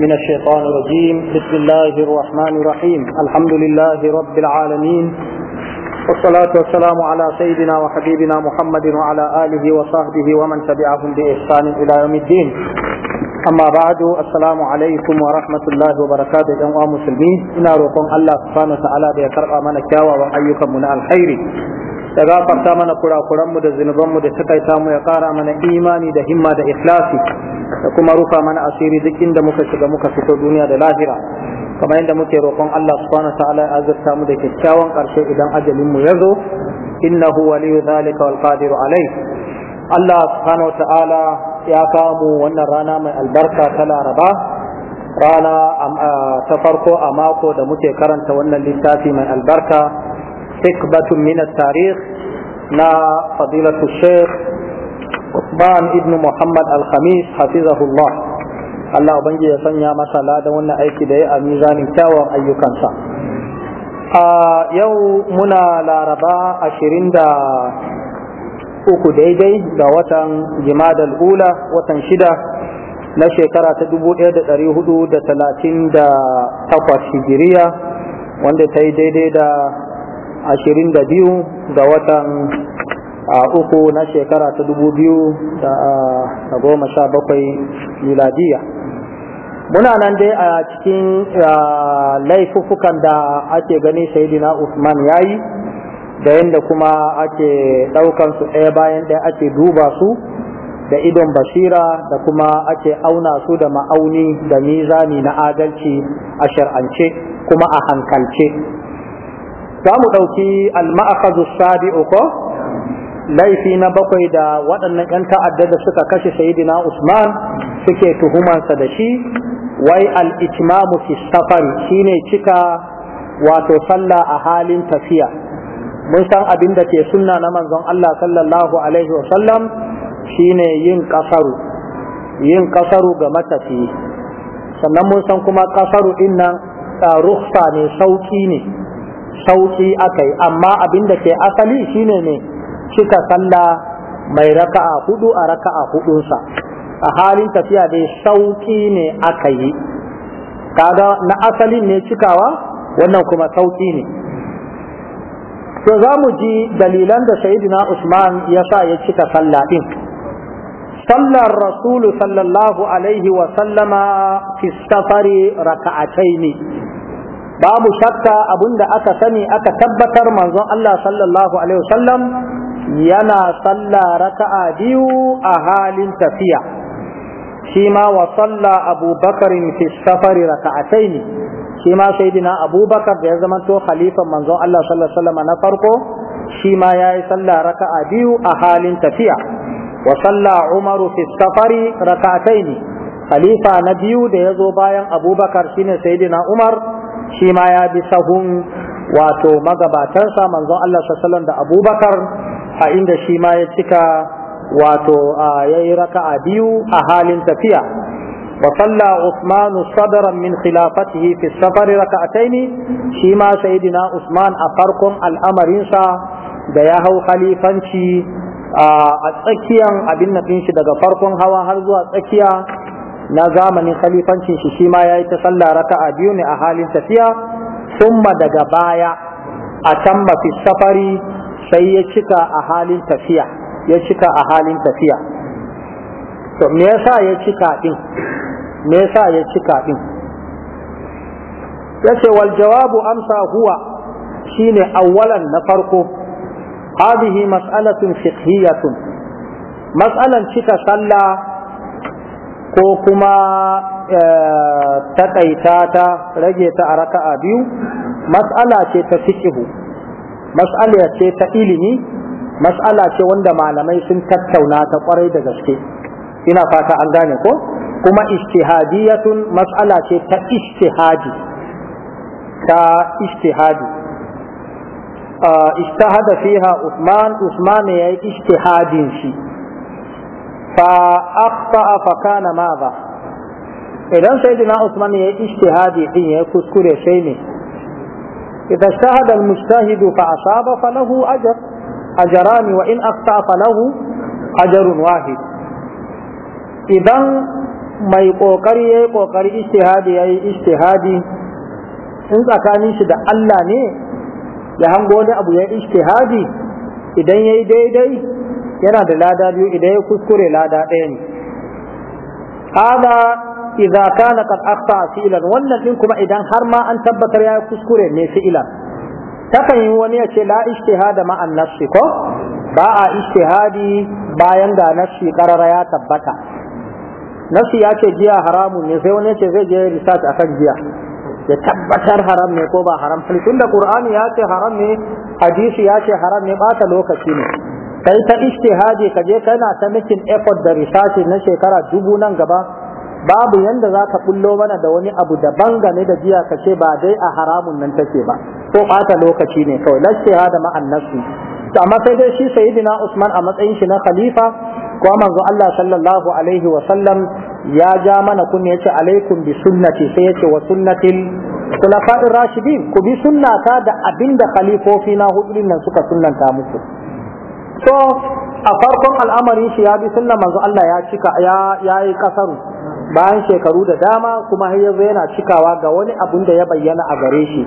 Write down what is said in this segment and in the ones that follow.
من الشيطان الرجيم بسم الله الرحمن الرحيم الحمد لله رب العالمين والصلاة والسلام على سيدنا وحبيبنا محمد وعلى آله وصحبه ومن تبعهم بإحسان إلى يوم الدين أما بعد السلام عليكم ورحمة الله وبركاته يا مسلمين إن الله سبحانه وتعالى بيكرأ من كاوى وأيكم من الخير ya gafarta mana kurakuranmu da zunubanmu da takaita mu ya kara mana imani da himma da ikhlasi da kuma rufa mana asiri duk inda muka shiga muka fito duniya da lahira kamar yadda muke roƙon Allah subhanahu ta'ala ya azurta mu da kyakkyawan karshe idan ajalin mu ya zo innahu waliyu zalika wal qadiru alayh Allah subhanahu ta'ala ya kamu wannan rana mai albarka ta Laraba rana ah, ta farko a mako da muke karanta wannan littafi mai albarka حقبة من التاريخ نا فضيلة الشيخ عثمان ابن محمد الخميس حفظه الله Allah Ubangiji ya sanya masa ladan wannan aiki da ya a mizanin kyawun ayyukansa. A yau muna laraba ashirin da uku daidai ga watan jimadal ula watan shida na shekara ta dubu ɗaya da ɗari hudu da talatin da takwas hijiriya wanda ta yi daidai da ashirin da biyu ga watan uku na shekara ta dubu biyu da goma sha bakwai miladiya muna nan dai a cikin laifufukan da ake gani shaidina usman ya yi da yadda kuma ake su ɗaya bayan ɗaya ake duba su da idon basira da kuma ake auna su da ma'auni da mizani na adalci a shar'ance kuma a hankalce za mu ɗauki al-ma'akazu sabi'u ko laifi na bakwai da waɗannan 'yan ta'adda da suka kashe sayidina usman suke tuhumansa da shi wai al-itmamu fi shi shine cika wato sallah a halin tafiya mun san abin da ke sunna na manzon Allah sallallahu alaihi wa sallam yin kasaru yin kasaru ga matafi, sannan mun san kuma kasaru ɗinnan nan ne sauki ne sauki aka amma abin da ke asali shine ne cika sallah mai raka'a hudu a raka'a hudunsa a halin tafiya dai sauki ne aka kaga na asali ne cikawa wannan kuma sauki ne to za mu ji dalilan da sayyidina Usman ya sa ya cika sallah din sallar rasulu sallallahu alaihi wa sallama fi safari raka'ataini babu shakka abinda aka sani aka tabbatar manzon Allah sallallahu alaihi wasallam yana salla raka'a biyu a halin tafiya shi ma wa salla Abubakar fi safari raka'atai ne shi ma shaidina abubakar da ya zama to khalifan manzon Allah sallallahu alaihi wasallam na farko shi ma ya yi salla raka'a biyu a halin tafiya wa salla umaru fi safari raka'atai ne khalifa na biyu da ya zo bayan abubakar shine saidina umar shi ma ya bi sahun wato magabatansa manzon Allah sallallahu da Abubakar a inda shi ma ya cika wato ya raka'a biyu a halin tafiya wa salla Usman sadran min khilafatihi fi safari raka'atayn shi ma sayyidina Usman a farkon al'amarinsa da ya hau khalifanci a tsakiyan abin nafin shi daga farkon hawa har zuwa tsakiya na zamanin khalifancin shi shi ma yayi ta sallah raka'a biyu ne a halin tafiya summa daga baya a can fi safari sai ya cika a halin tafiya ya cika a halin tafiya to me yasa ya cika din me yasa ya cika din yace wal jawabu amsa huwa shine awwalan na farko هذه مسألة فقهية مسألة cika sallah. ko kuma eh, taƙaita ta rage ta a raka'a biyu mas'ala ce ta fiqhu mas'ala ce ta ilimi mas'ala ce wanda malamai sun tattauna ta kwarai da gaske ina fata an gane ko kuma ijtihadiyatun mas'ala ce ta ijtihadi ta ijtihadi ah, ijtahada fiha Usman Usman ya yayi istihadin shi fa akta fa kana madha idan sayyidina usman ya ijtihadi din ya kuskure sai ne idan shahada al-mujtahid fa asaba falahu ajr ajran wa in akta falahu ajrun wahid idan mai kokari yayi kokari ijtihadi yayi ijtihadi in tsakanin shi da Allah ne ya hango wani abu ya ijtihadi idan yayi daidai yana da lada biyu idan ya kuskure lada ɗaya ne hada idza na qad a fi'lan wannan ɗin kuma idan har ma an tabbatar ya kuskure ne fi'lan takan yi wani ya ce la ijtihada hada ma'an nafsi ko ba a hadi bayan da nafsi karara ya tabbata nafsi ya ce jiya haramun ne sai wani ya ce zai je research kan jiya ya tabbatar haram ne ko ba haram tunda qur'ani ya ce haram ne hadisi ya ce haram ne bata lokaci ne kai ta ishtihadi ka je kana ta mikin effort da research na shekara dubu nan gaba babu yanda za ka bullo mana da wani abu daban game da jiya ka ce ba dai a haramun nan take ba ko ɓata lokaci ne kawai da ma'an nasu amma sai dai shi sayyidina Usman a matsayin shi na khalifa ko manzo Allah sallallahu alaihi wa sallam ya ja mana kun ce alaikum bi sunnati sai yace wa sunnatil khulafa'ir rashidin ku bi sunnata da abinda khalifofi na hudu nan suka sunnanta muku so a farkon al'amarin shi ya bi sunna manzo Allah ya cika ya yayi kasaru bayan shekaru da dama kuma har yanzu yana cikawa ga wani abun da ya bayyana a gare shi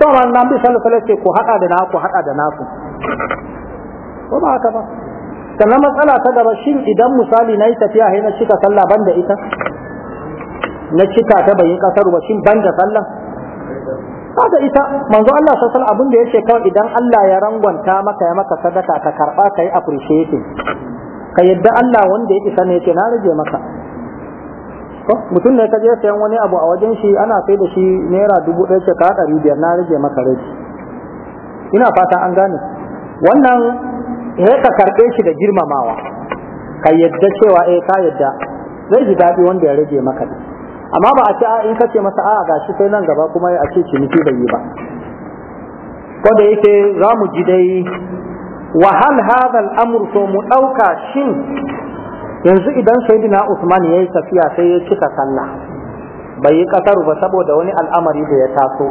to man nan bi sallallahu alaihi ku hada da naku hada da naku ko ba haka ba sannan matsala ta gaba shin idan misali nayi tafiya sai na cika sallah banda ita na cika ta bayin kasar ba shin banda sallah ba da ita manzo Allah sai alaihi abin da yake kawai idan Allah ya rangwanta maka ya maka sadaka ka karba kai appreciating ka yadda Allah wanda ya isa yake na rage maka mutum ne ka je sayan wani abu a wajen shi ana sai da shi naira dubu ɗaya ce ka ɗari biyar na rage maka rage ina fata an gane wannan ya ka karɓe shi da girmamawa ka yadda cewa eh ka yadda zai ji daɗi wanda ya rage maka ɗin amma ba a ce a in kace masa a gashi sai nan gaba kuma a ce ciniki bai yi ba ko da yake za mu ji dai wa hal hadha al-amr to mu dauka shin yanzu idan sayyidina Usman yayi tafiya sai ya cika sallah bai yi kasaru ba saboda wani al'amari da ya taso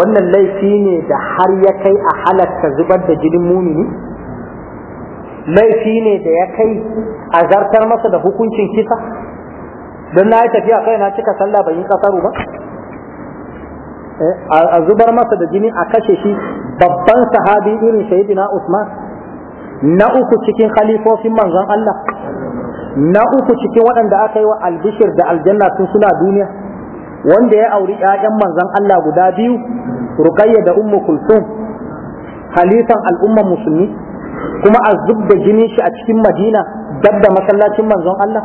wannan laifi ne da har ya kai a halatta zubar da jinin mumini laifi ne da ya kai a zartar masa da hukuncin kisa don na yi tafiya kai na cika sallah bai yi kasaru ba eh, a zubar masa da jini a kashe shi babban sahabi irin shahidina Usman na uku cikin khalifofin manzon Allah na uku cikin waɗanda aka yi wa albishir da aljanna tun suna duniya wanda ya auri ƴaƴan manzon Allah guda biyu Ruqayya da Ummu Kulsum khalifan al'ummar musulmi kuma a zub da jini shi a cikin Madina dab da masallacin manzon Allah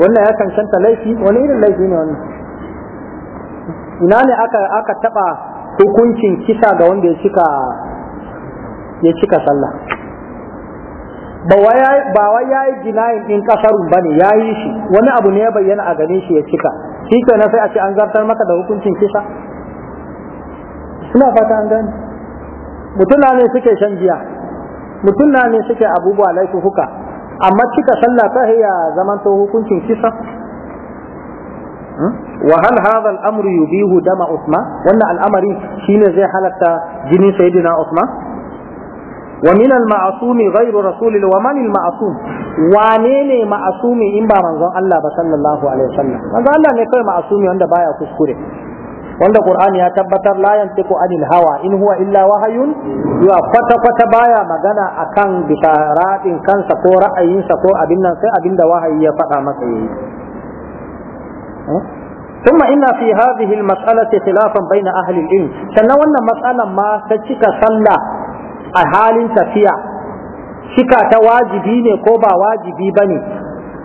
wannan ya cancanta laifi wani irin laifi ne wani ina ne aka taba hukuncin kisa ga wanda ya cika sallah ba wai ya yi jinayin ɗin kasarun ba ne ya yi shi wani abu ne ya bayyana a ganin shi ya cika shi na sai a ce an zartar maka da hukuncin kisa suna fata an gani mutum ne suke shan giya mutum ne suke abubuwa laifuka amma cika sallah ta ya zaman to hukuncin kisa hmm? wa hal hadha al-amr yubihu dama Usman wannan al'amari shine zai halatta jinin sayyidina Usman wa min al-ma'sum rasul wa man al-ma'sum wane ne ma'sumi in ba manzon Allah ba sallallahu alaihi wasallam manzon Allah ne kai ma'sumi wanda baya kuskure wanda qur'ani ya tabbatar la yantiqu anil hawa in huwa illa wahayun ya kwata kwata baya magana akan bisharadin kansa ko ra'ayinsa ko abin nan sai abin da wahayi ya faɗa masa yayi ثم إن في هذه المسألة خلافا بين أهل العلم sannan wannan matsalan ma ta cika sallah a halin tafiya cika ta wajibi ne ko ba wajibi bane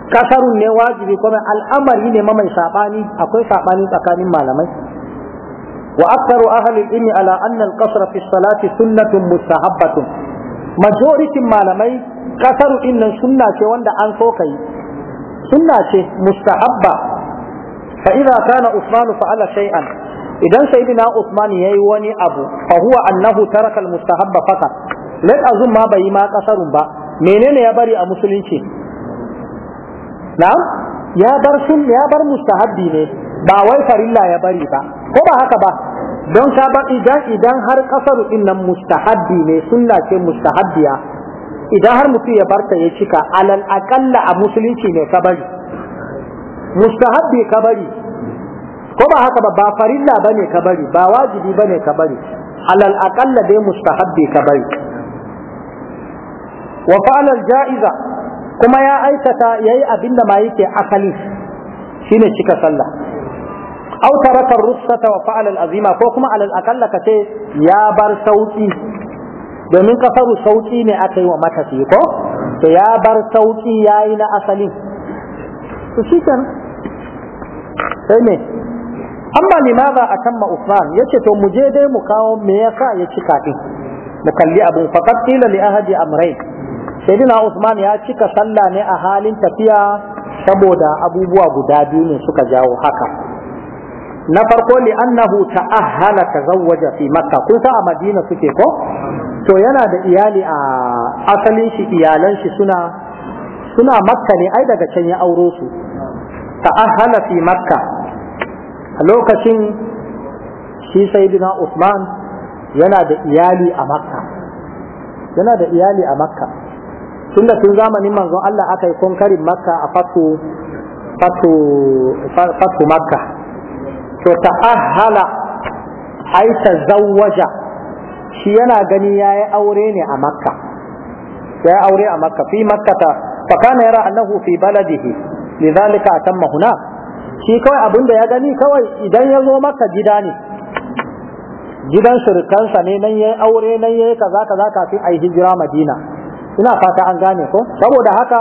kasarun ne wajibi kuma al'amari ne mai sabani akwai saɓani tsakanin malamai وأكثر أهل العلم على أن القصر في الصلاة سنة مستحبة majoritin malamai kasaru din nan sunna ce wanda an so kai sunna ce mustahabba fa idza kana usman fa'ala shay'an idan sayyidina usman yayi wani abu fa huwa annahu taraka al mustahabba faqat lai azum ma bai ma kasarun ba menene ya bari a musulunci ya bar sun ya bar mustahabbi ne ba wai farilla ya bari ba ko ba haka ba don ka ba idan idan har kasar din nan mustahabbi ne sunna ce mustahabbiya idan har mutum ya barta ya cika alal aqalla a musulunci ne ka bari mustahabbi ka bari ko ba haka ba ba farilla bane ka bari ba wajibi bane ka bari alal aqalla dai mustahabbi ka bari wa fa'ala al-ja'iza kuma ya aikata yayi abinda ma yake akali shine cika sallah aw taraka ar-rukhsata wa fa'ala al-azima ko kuma alal aqalla kace ya bar sauki domin kafaru sauki ne aka yi wa matafi ko to ya bar sauki yayi na asali to shi sai me amma limaza atamma usman yace to mu je dai mu kawo me yasa ya cika din mu kalli abun faqat qila li ahadi amrayn sayyidina usman ya cika sallah ne a halin tafiya saboda abubuwa guda biyu ne suka jawo haka na farko li annahu ta'ahhala tazawwaja fi makka kun sa a madina suke ko to yana da iyali a asalin shi iyalan shi suna suna makka ne ai daga can ya auro su ta'ahhala fi makka a lokacin shi sayyidina usman yana da iyali a makka yana da iyali a makka tunda tun zamanin manzon Allah aka yi konkarin makka a fatu fatu fatu makka to ahala ai ta zawaja shi yana gani yayi aure ne a makka yayi aure a makka fi makkata ta fakana yara annahu fi baladihi lidhalika atamma huna shi kawai abinda ya gani kawai idan ya zo makka gida ne gidan shirkansa ne nan yayi aure nan yayi kaza kaza kafin ai hijira madina ina fata an gane ko saboda haka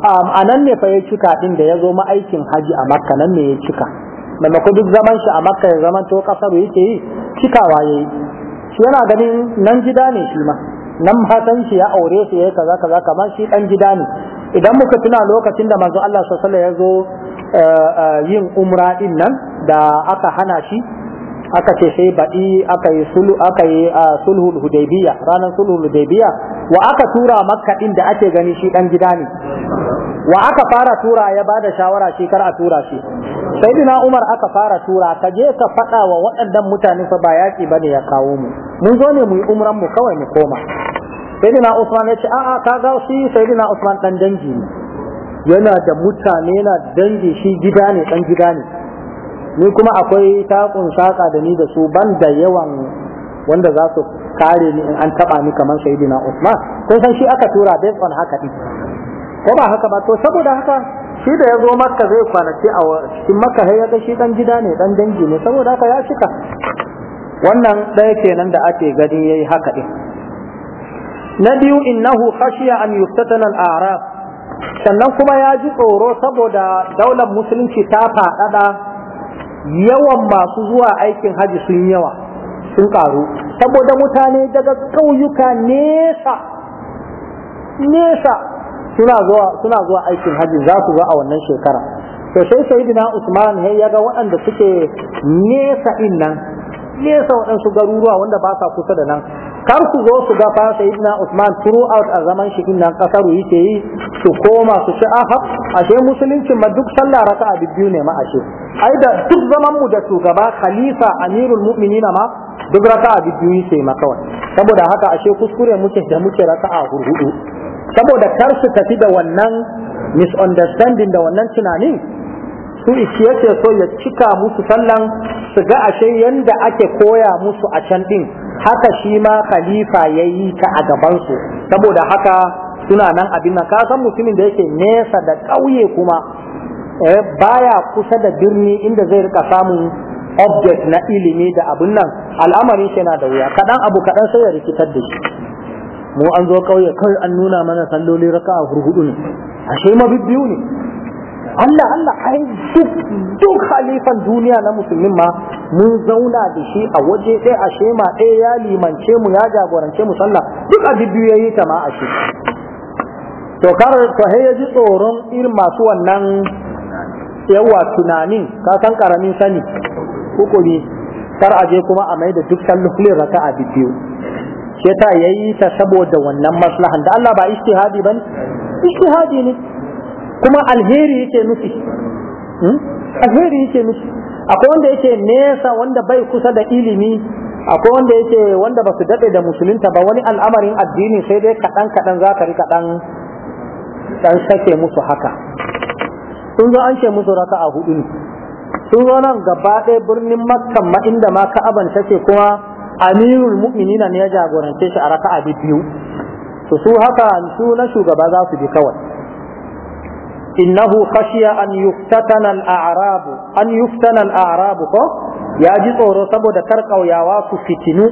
a nan ne fa ya cika din da ya zo ma'aikin haji a makka nan ne ya cika maimako duk zaman shi a makka ya zaman to kasar yake yi cikawa ya yi shi yana ganin nan gida ne shi ma nan matan shi ya aure su ya kaza kaza kamar shi dan gida ne idan muka tuna lokacin da manzo Allah sallallahu alaihi ya zo eh, eh, yin umra din nan da aka hana shi aka ce sai baɗi aka yi sulhu aka yi eh, sulhul hudaybiya ranar sulhul hudaybiya wa aka tura makka din da ake gani shi dan gida ne wa aka fara tura ya bada shawara shi kar a tura shi sayyidina umar aka fara tura ka je ka faɗa wa waɗannan mutane fa ba yaƙi bane ya kawo mu mun zo ne mu yi umran mu kawai mu koma sayyidina usman ya ce a'a ka ga shi sayyidina usman dan dangi ne yana da mutane yana dangi shi gida ne dan gida ne ni kuma akwai takun saka da ni da su ban da yawan wanda za su kare ni in an taba ni kamar sayyidina usman kun san shi aka tura based on haka din ko ba haka ba to saboda haka shi da ya zo maka zai kwanaki a cikin maka sai ya ga shi dan gida ne dan dangi ne saboda haka ya cika wannan ɗaya kenan da ake gani yayi haka din na biyu innahu khashiya an yuftatana al-a'rab sannan kuma ya ji tsoro saboda daular musulunci ta faɗaɗa yawan masu zuwa aikin haji sun yawa sun ƙaru saboda mutane daga ƙauyuka nesa nesa suna zuwa suna zuwa aikin haji za su zo a wannan shekara to sai sayyidina Usman hey ya ga waɗanda suke nesa din nan nesa waɗansu garuruwa wanda ba sa kusa da nan kar su zo su ga fa sayyidina Usman throughout a zaman shi din nan kasar yake yi su koma su ci aha ashe musulunci ma duk sallah raka'a biyu ne ma ashe ai da duk zaman mu da shugaba khalifa amirul mu'minin ma duk raka'a biyu ce ma kawai saboda haka ashe kuskure muke da muke raka'a hurhudu saboda kar su tafi da wannan misunderstanding da wannan tunanin su ishi yake so ya cika musu sallan su ga ashe yanda ake koya musu a can din haka shi ma khalifa ya yi ta a gabansu saboda haka suna nan abin nan kasan mutumin da yake nesa da ƙauye kuma eh, baya kusa da birni inda zai rika samun object na ilimi da abin nan al'amarin shi na da wuya kaɗan abu kaɗan sai ya rikitar da shi mu an zo kauye kawai an nuna mana salloli raka a hurhudu ne ashe ma bibbiyu ne Allah Allah ai duk duk halifan duniya na musulmin ma mu zauna da shi a waje ɗaya a shema ɗaya ya limance mu ya jagorance mu sallah duk a bibbiyu yayi ta ma ashe to kar to he tsoron irin masu wannan yawa tunanin ka san karamin sani hukumi kar aje kuma a mai da duk sallolin raka'a biyu shi ta yayi ta saboda wannan maslahan da Allah ba ijtihadi bane ijtihadi ne kuma alheri yake nufi hmm? alheri yake nufi akwai wanda yake nesa wanda bai kusa da ilimi akwai wanda yake wanda ba su daɗe da musulunta ba wani al'amarin addini sai dai kaɗan kaɗan za ka rika ɗan ɗan sake musu haka sun zo an ce musu raka a hudu ne sun zo nan gaba ɗaya birnin makka ma inda ma ka'aban take kuma amirul mu'minina ne ya jagorance shi a raka'a biyu to su haka su na shugaba za su bi kawai innahu khashiya an yuftatana al-a'rab an yuftana al-a'rab ko ya ji tsoro saboda kar kauyawa su fitinu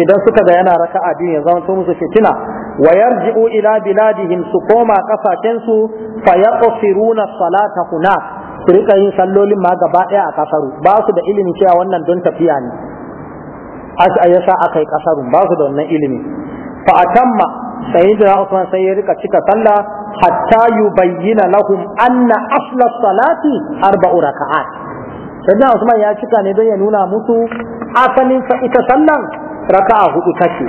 idan suka ga yana raka'a biyu ya zama fitina wa yarji'u ila biladihim su koma kafaken su fa yaqsiruna salata hunak su rika yin sallolin ma gaba daya a kasaru ba su da ilimin cewa wannan don tafiya ne As ya akayi aka yi kasarun ba su da wannan ilimi fa atamma sayyidina Usman sai ya rika cika sallah hatta yubayyana lahum anna asla salati arba'u raka'at sayyidina Usman ya cika ne don ya nuna musu asalin sa ita sallan raka'a hudu take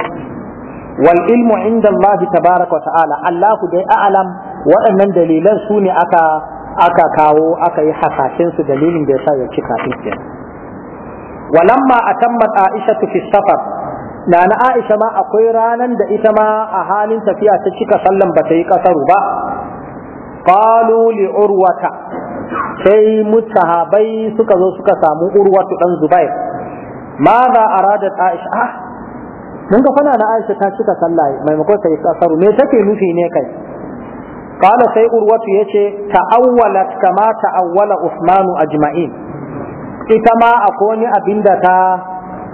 wal ilmu inda Allah tabaraka wa ta'ala Allah dai a'lam waɗannan dalilan su ne aka aka kawo aka yi hasashen su dalilin da yasa ya cika su walamma a atammat Aisha fi safar na na aisha ma akwai ranan da ita ma a halin tafiya ta cika sallan ba ta yi kasaru ba qalu li urwata sai mutahabai suka zo suka samu urwatu dan zubair ma za a aradat aisha ah mun ga fana na aisha ta cika sallah maimakon ta yi kasaru me take nufi ne kai qala sai urwatu yace ta'awwalat kama ta'awwala usmanu ajma'in ita ma akwai wani abin da ta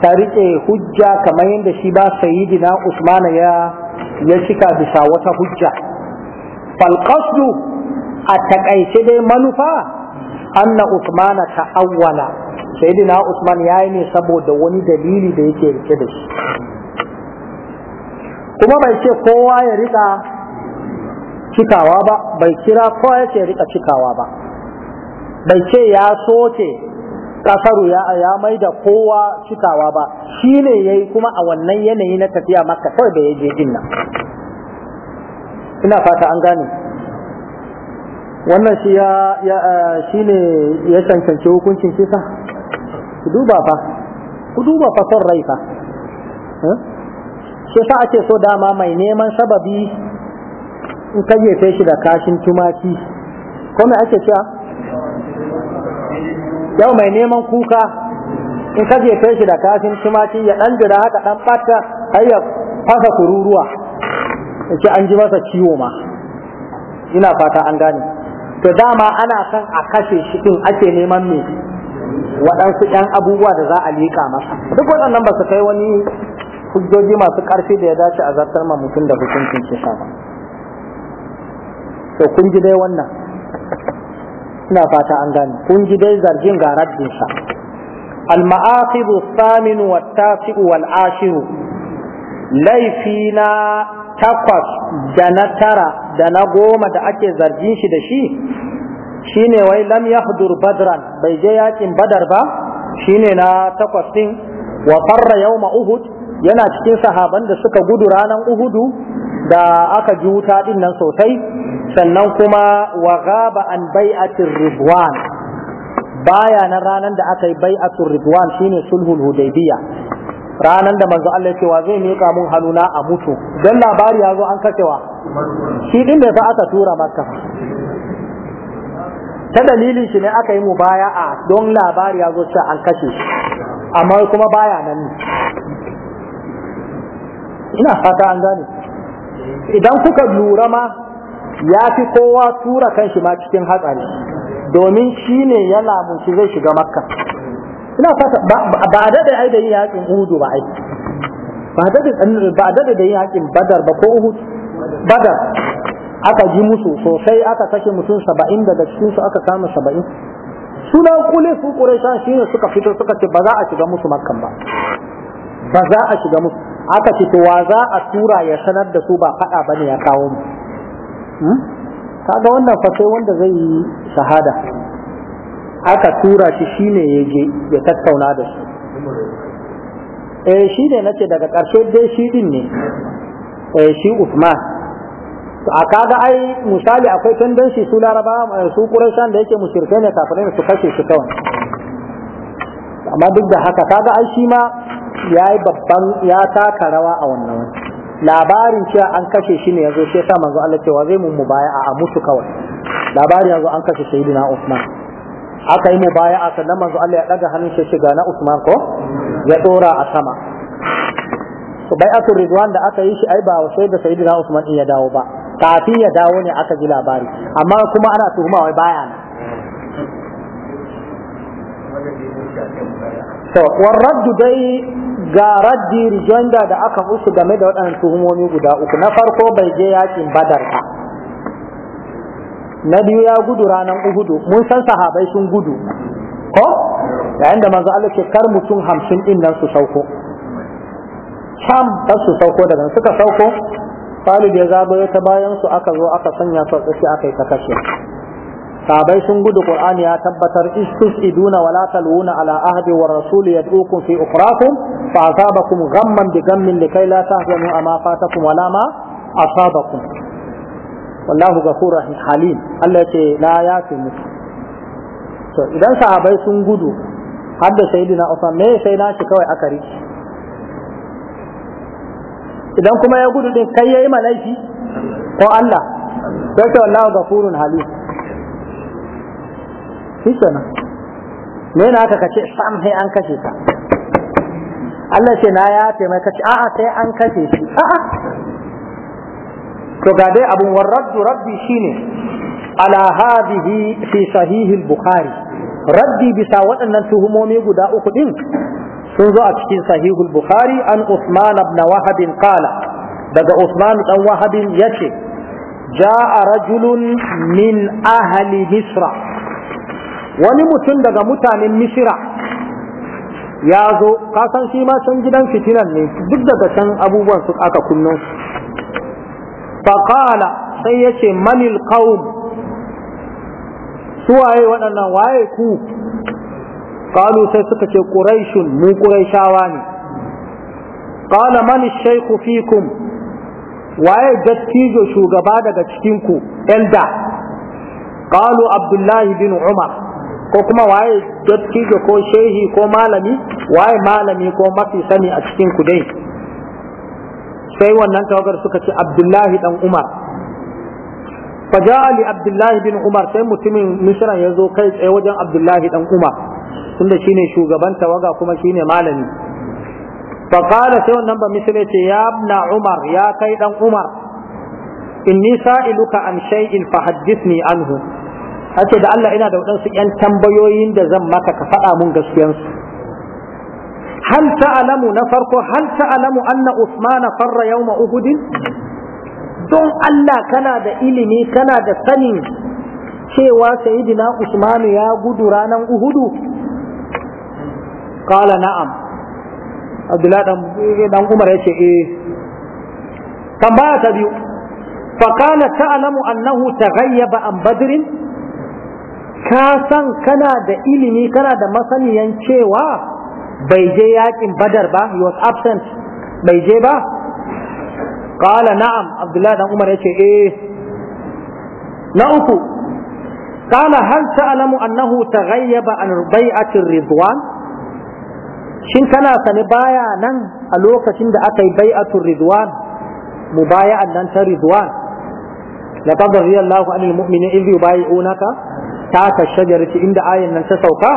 ta riƙe hujja kamar yadda shi ba sayidina usmana ya ya cika bisa wata hujja falqasdu a takaice dai manufa anna usmana ta'awwala sayidina usman yayi ne saboda wani dalili da yake rike da shi kuma bai ce kowa ya riƙa cikawa ba bai kira kowa ya ce rika cikawa ba bai ce ya soce kasaru ya ya mai da kowa cikawa ba shine yayi ya yi kuma a wannan yanayi na tafiya makka kawai da yaje je nan ina fata an gane wannan shi ya eh, shi ne ya cancanci hukuncin kisa ku duba fa ku duba fa son rai fa eh? shi sa ake so dama mai neman sababi in kayyafe shi da kashin tumaki ko me ake cewa yau mai neman kuka in ka jefe shi da kafin tumaci ya dan jira haka dan bata har ya fasa kururuwa yace an ji masa ciwo ma ina fata an gane to dama ana san a kashe shi din ake neman me waɗansu ɗan abubuwa da za a liƙa masa duk waɗannan ba su kai wani hujjoji masu ƙarfi da ya dace a zartar ma mutum da hukuncin kisa ba to kun ji dai wannan ina fata an gane kun ji dai zargin ga rabbin sa al ma'aqib thamin wa tasi wal ashir laifina takwas da na tara da na goma da ake zargin shi da shi shine wai lam yahdur badran bai je yakin badar ba shine na takwas din wa farra yawma uhud yana cikin sahaban da suka gudu ranan uhudu da aka ji wuta din sosai sannan kuma wa gaba an bai'atir ridwan baya na ranar da aka yi bai'atur ridwan shine sulhul hudaybiya ranar da manzo Allah cewa zai mika mun hannuna a mutu dan labari ya zo an kacewa shi din da fa aka tura makka ta dalilin shi ne aka yi mubaya'a don labari ya zo cewa an kace. amma kuma baya nan ne ina fata an gane idan kuka lura ma ya fi kowa tura kanshi ma cikin hatsari domin shi ne ya shi zai shiga makka ina fata ba da da aida yin yakin uhudu ba ai ba da da da yin yakin badar ba ko uhud badar aka ji musu sosai aka kashe mutum saba'in daga cikin su aka kama saba'in suna kule su ƙuraishan shi ne suka fito suka ce ba za a shiga musu makkan ba ba za a shiga musu aka ce to wa za a tura ya sanar da su ba faɗa ba ne ya kawo mu Hmm? kaga wannan fa sai wanda zai yi shahada aka tura shi shine ya ya tattauna da shi eh shi ne nace daga ƙarshe dai shi din ne eh shi To a ga ai misali akwai tendency su Laraba eh, su Qurayshan da yake mushrikai ne kafirai su kashe shi kawai amma duk da haka kaga ai shi ma yayi babban ya taka rawa a wannan wani labarin cewa an kashe shi ne yazo sai yasa manzo Allah cewa zai mun mubaya'a a mutu kawai labarin yanzu an kashe sayyidina Usman aka yi mubaya'a sannan manzo Allah ya daga hannun shi shiga na Usman ko ya dora a sama to bai'atul ridwan da aka yi shi ai ba sai da sayyidina Usman ya dawo ba kafin ya dawo ne aka ji labari amma kuma ana tuhuma wai baya ne. to warraddu ga raddi rijonda da aka musu game da waɗannan tuhumomi guda uku na farko bai je yakin badar ba na biyu ya gudu ranar uhudu mun san sahabai sun gudu ko yayin da manzo Allah ke kar mutum hamsin din nan su sauko sam ta su sauko daga suka sauko Khalid ya zaba ta bayan su aka zo aka sanya su a tsaki aka yi ta kashe sabai sun gudu qur'ani ya tabbatar iduna wa la taluna ala ahdi wa rasul yad'ukum fi ukhrakum fa asabakum ghamman bi ghammin likay la tahzanu ama fatakum wa la ma asabakum wallahu ghafurur halim Allah ce la yafi muku to idan sahabai sun gudu har da sayyidina Usman me sai na shi kawai aka riki idan kuma ya gudu din kai yayi malaifi ko Allah sai ta wallahu ghafurun halim shi kenan me na aka kace sam sai an kashe ka Allah ce na ya ce mai kace a'a sai an kashe shi a'a to ga dai abun warraddu rabbi shine ala hadhihi fi sahih al-bukhari raddi bisa waɗannan tuhumomi guda uku din sun zo a cikin sahih al-bukhari an usman ibn wahab qala daga usman dan wahab yace ja'a rajulun min ahli misra wani mutum daga mutanen misira ya zo kasan shi ma can gidan fitinan ne duk daga can abubuwan su aka kunnu. faƙala sai ya ce manil qaum su waye waɗannan waye ku kalu sai suka ce ƙuraishun mu ƙuraishawa ne ƙala mani shaiku fikum waye dattijo shugaba daga cikinku elda kalu abdullahi bin umar ko kuma waye dattijo ko shehi ko malami waye malami ko mafi sani a cikin ku dai sai wannan tawagar suka ce abdullahi dan umar faja'a li abdullahi bin umar sai mutumin misran ya zo kai tsaye wajen abdullahi dan umar tunda shine shugaban tawaga kuma shine malami sai فقال ce ya ya Umar ya ya kai Umar? umar sa'iluka سائلك عن fahaddis ni anhu ce da Allah ina da waɗansu 'yan tambayoyin da zan maka ka faɗa mun gaskiyansu hal ta'alamu na farko hal ta'alamu anna usmana farra yawma uhud don Allah kana da ilimi kana da sanin cewa sayyidina usmanu ya gudu ranan uhudu Kala na'am abdullahi ɗan eh, umar yace eh tambaya ta biyu فقال تعلم أنه تغيب عن بدر ka san kana da ilimi kana da masaniyan cewa bai je yakin badar ba he was absent bai je ba qala na'am abdullahi dan umar yace eh na uku qala hal ta'lamu annahu taghayyaba an bai'ati ridwan shin kana sani baya nan a lokacin da aka yi bai'atu ridwan mubaya'an nan ta ridwan laqad radiyallahu anil mu'minin idh yubay'unaka tata shajarati inda ayan nan ta sauka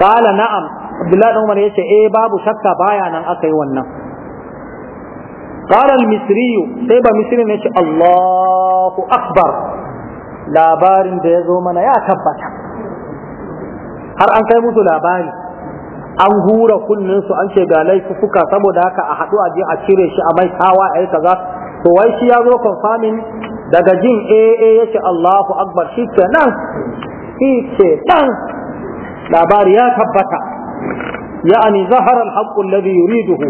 qala na'am abdullahi dan umar yace eh babu shakka baya nan aka yi wannan qala Misriyu sai ba misri ne yace Allahu akbar labarin da ya zo mana ya tabbata har an kai musu labari an hura su an ce ga laifuka saboda haka a haɗu a je a cire shi a mai kawa a yi kaza to wai shi ya zo confirming daga jin eh ya ce Allahu akbar shi ke nan shi ke nan labari ya tabbata ya'ani zahara al-haqqu alladhi yuriduhu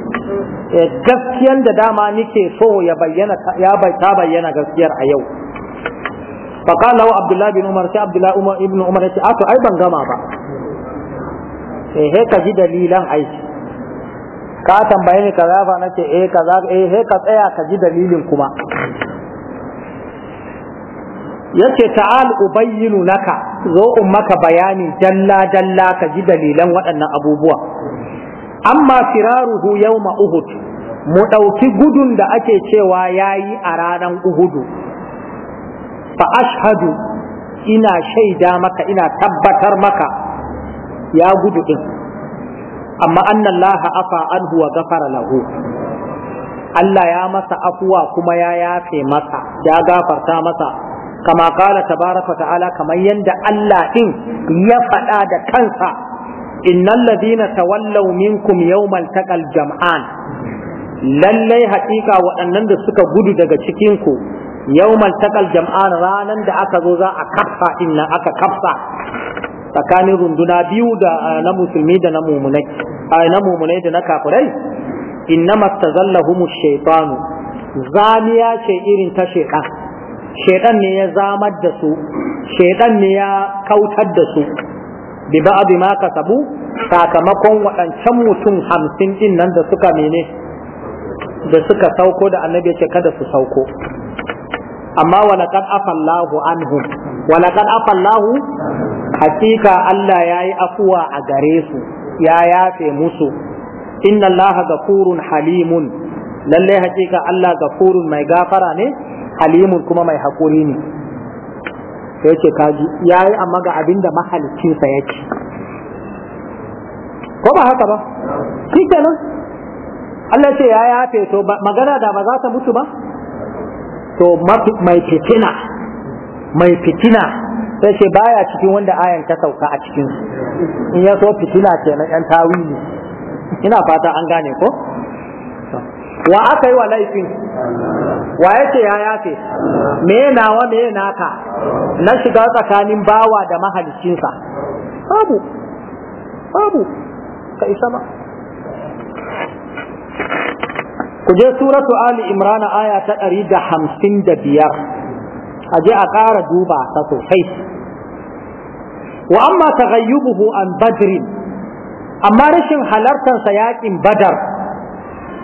eh, gaskiyan da dama nike so ya bayyana ya ta bayyana gaskiyar a yau فقال له عبد الله بن عمر سي Umar Ibn Umar ya ce, a to ai ban gama ba, eh he ka ji dalilan ai, ka tambaye ni kaza fa nace eh kaza eh he ka tsaya ka ji dalilin kuma yace ta'al ubayyinu laka zo in maka bayani dalla dalla ka ji dalilan waɗannan abubuwa amma firaruhu yawma uhud mu ɗauki gudun da ake cewa yayi a ranar uhudu fa ashhadu ina shaida maka ina tabbatar maka ya gudu din amma annallaha afa anhu wa ghafara lahu Allah ya masa afuwa kuma ya yafe masa ya gafarta masa kama kala tabaraka ta'ala kamar yadda Allah din ya faɗa da kansa innal ladina tawallaw minkum yawmal taqal jam'an lallai haƙiƙa waɗannan da suka gudu daga cikin ku yawmal taqal jam'an ranan da aka zo za a kafa inna aka kafa. tsakanin runduna biyu da na musulmi da na mumunai na mumunai da na kafirai innama shaytanu zaniya ce irin ta shaytan shaitan ne ya zamar da su shaitan ne ya kautar da su bi ba'd ma sabu sakamakon waɗancan mutum hamsin din nan da suka mene da suka sauko da annabi ce kada su sauko amma walaqad afallahu anhum walaqad afallahu hakika Allah yayi afuwa a gare su ya yafe musu inna Allah gafurun halimun lalle hakika Allah gafurun mai gafara ne halimun kuma mai haƙuri ne sai ce kaji ya yi amma ga abin da mahalicinsa ya ce ko ba haka ba shi kenan Allah ce ya yafe to magana da ba za ta mutu ba to mai fitina mai fitina sai ce baya cikin wanda ayan ta sauka a cikin in ya so fitina na yan tawili ina fata an gane ko wa aka yi wa laifin wa ce ya yafe me nawa me naka na shiga tsakanin bawa da mahalicinsa babu babu kai sama ku je suratu ali imran aya ta 155 aje a ƙara duba ta sosai wa amma taghayyubuhu an badrin amma rashin halartar sa yaƙin badar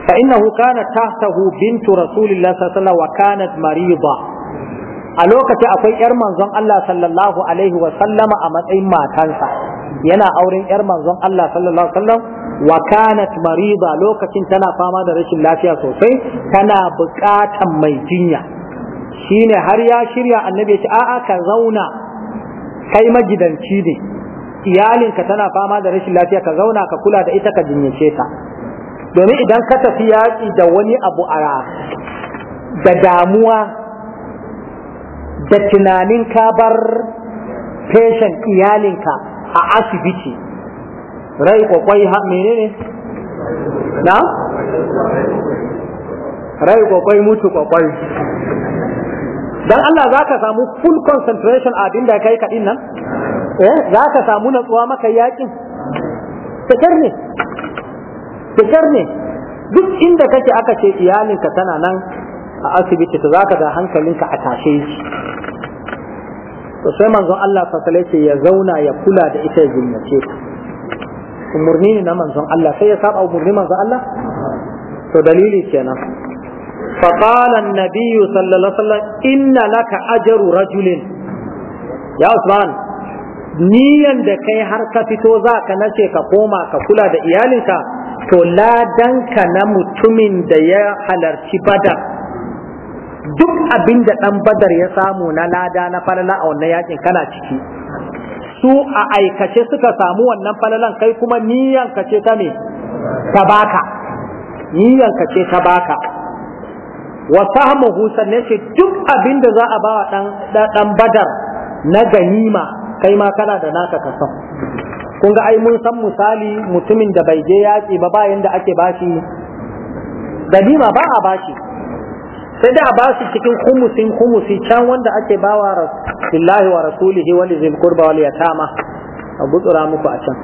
fa innahu kana tahtahu bintu rasulillahi a lokaci akwai yar manzon Allah sallallahu alaihi wasallama a matsayin matansa yana auren yar manzon Allah sallallahu alaihi wasallam wa kanat lokacin tana fama da rashin lafiya sosai tana buƙatan mai jinya shine har ya shirya annabi ce a'a ka zauna kai magidanci ne iyalinka tana fama da rashin lafiya ka zauna ka kula da ita ka jinyace ta domin idan ka tafi yaƙi da wani abu a da damuwa da tunanin ka bar feshin iyalinka a asibiti rai kwakwai ha menene na rai kwakwai mutu kwakwai Don Allah za ka samu full concentration a abin da kai kaɗin nan eh za ka samu natsuwa maka yaƙin? sakar ne da ne duk inda kake aka ce iyalinka tana nan a asibiti to zaka da hankalinka a tashe shi to sai manzon Allah fasale ce ya zauna ya kula da ita jinnace ta umurni ne na manzon Allah sai ya saba umurni manzon Allah to dalili kenan fa qala an-nabiy sallallahu alaihi wasallam inna laka ajru rajulin ya Usman niyan da kai har ka fito za ka nace ka koma ka kula da iyalinka to ladanka na mutumin da ya halarci badar duk abin da ɗan badar ya samu na lada na falala a wannan yakin kana ciki su a aikace suka samu wannan falalan kai kuma niyanka ce ta ne ta baka niyanka ce ta baka wasu sahmuhu sannan ce duk abin da za a ba wa ɗan badar na ganima kai ma kana da naka kasan kun ga ai mun san misali mutumin da bai je yaƙi ba bayan da ake bashi ganima ba a bashi sai da a bashi cikin kumusin kumusi can wanda ake bawa rasulullahi wa rasulihi wa lizil qurba wal yatama a gutsura muku a can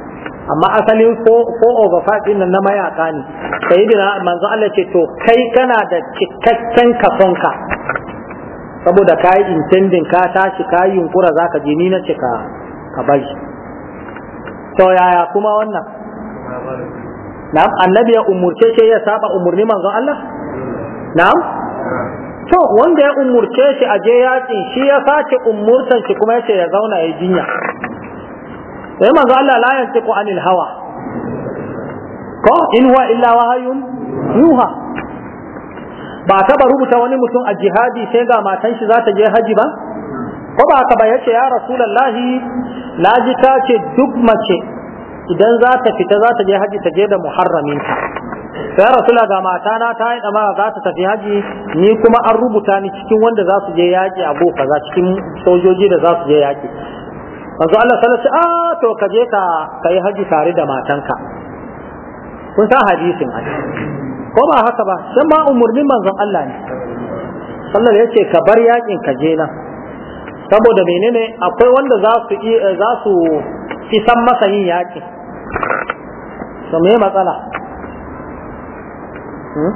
amma asalin ko over five din nan na mayaka ne sai dina manzo Allah ce to kai kana da cikakken kafonka saboda kai intending ka tashi kai yunkura zaka je ni na cika ka bari to yaya kuma wannan na'am annabi ya umurce shi ya saba umurni manzon Allah na'am to wanda ya umurce shi a je yakin shi ya sace umurtan shi kuma yace ya zauna ya jinya sai manzo Allah la yantiqu anil hawa ko in huwa illa wahayun yuha ba taba rubuta wani mutum a jihadi sai ga matan shi za ta je haji ba ko ba ka ba yace ya rasulullahi laji ta ce duk mace idan za ta fita za ta je haji ta je da muharramin ta sai rasula ga mata na ta yi dama za ta tafi haji ni kuma an rubuta ni cikin wanda za su je yaƙi a boka za cikin sojoji da za su je yaƙi manzo Allah sallallahu alaihi wasallam a ah, to ka je ka kai haji tare da matanka kun san hadisin haji. ko ba haka ba sai ma umurnin manzon Allah ne sallallahu ya ce ka bar yaƙin ka je nan saboda menene akwai wanda za su za su isan masa yin yaƙin to me matsala hmm?